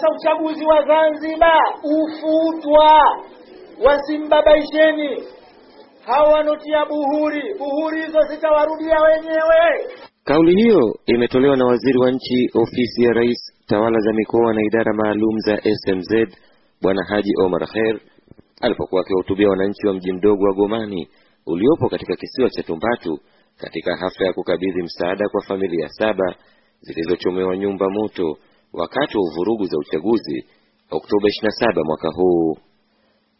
Sasa uchaguzi wa Zanzibar ufutwa, wasimbabaisheni hawa wanotia buhuri. Buhuri hizo zitawarudia wenyewe. Kauli hiyo imetolewa na waziri wa nchi ofisi ya rais tawala za mikoa na idara maalum za SMZ Bwana Haji Omar Kher alipokuwa akiwahutubia wananchi wa mji mdogo wa Gomani uliopo katika kisiwa cha Tumbatu katika hafla ya kukabidhi msaada kwa familia saba zilizochomewa nyumba moto wakati wa uvurugu za uchaguzi Oktoba 27 mwaka huu.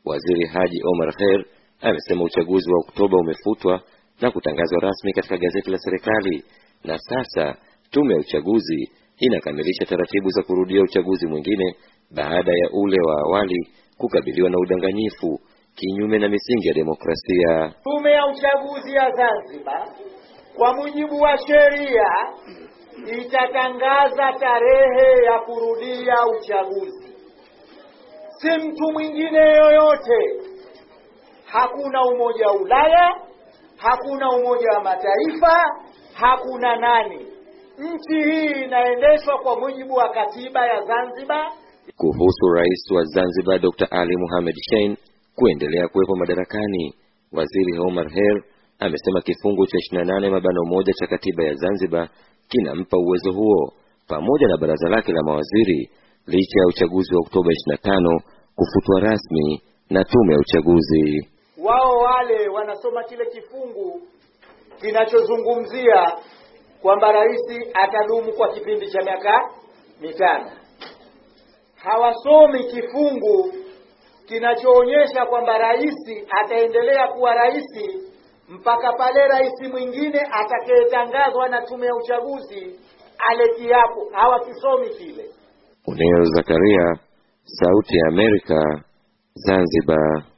Waziri Haji Omar Kheir amesema uchaguzi wa Oktoba umefutwa na kutangazwa rasmi katika gazeti la serikali, na sasa tume ya uchaguzi inakamilisha taratibu za kurudia uchaguzi mwingine baada ya ule wa awali kukabiliwa na udanganyifu kinyume na misingi ya demokrasia. Tume ya uchaguzi ya Zanzibar kwa mujibu wa sheria itatangaza tarehe ya kurudia uchaguzi, si mtu mwingine yoyote. Hakuna umoja wa Ulaya, hakuna umoja wa Mataifa, hakuna nani. Nchi hii inaendeshwa kwa mujibu wa katiba ya Zanzibar. Kuhusu rais wa Zanzibar Dr. Ali Mohamed Shein kuendelea kuwepo madarakani, waziri Omar Her amesema kifungu cha 28 mabano moja cha katiba ya Zanzibar kinampa uwezo huo pamoja na baraza lake la mawaziri licha ya uchaguzi wa Oktoba 25 kufutwa rasmi na tume ya uchaguzi. Wao wale wanasoma kile kifungu kinachozungumzia kwamba rais atadumu kwa kipindi cha miaka mitano, hawasomi kifungu kinachoonyesha kwamba rais ataendelea kuwa rais mpaka pale rais mwingine atakayetangazwa na tume ya uchaguzi ale kiapo. Hawakisomi kile. uneo Zakaria, Sauti ya Amerika, Zanzibar.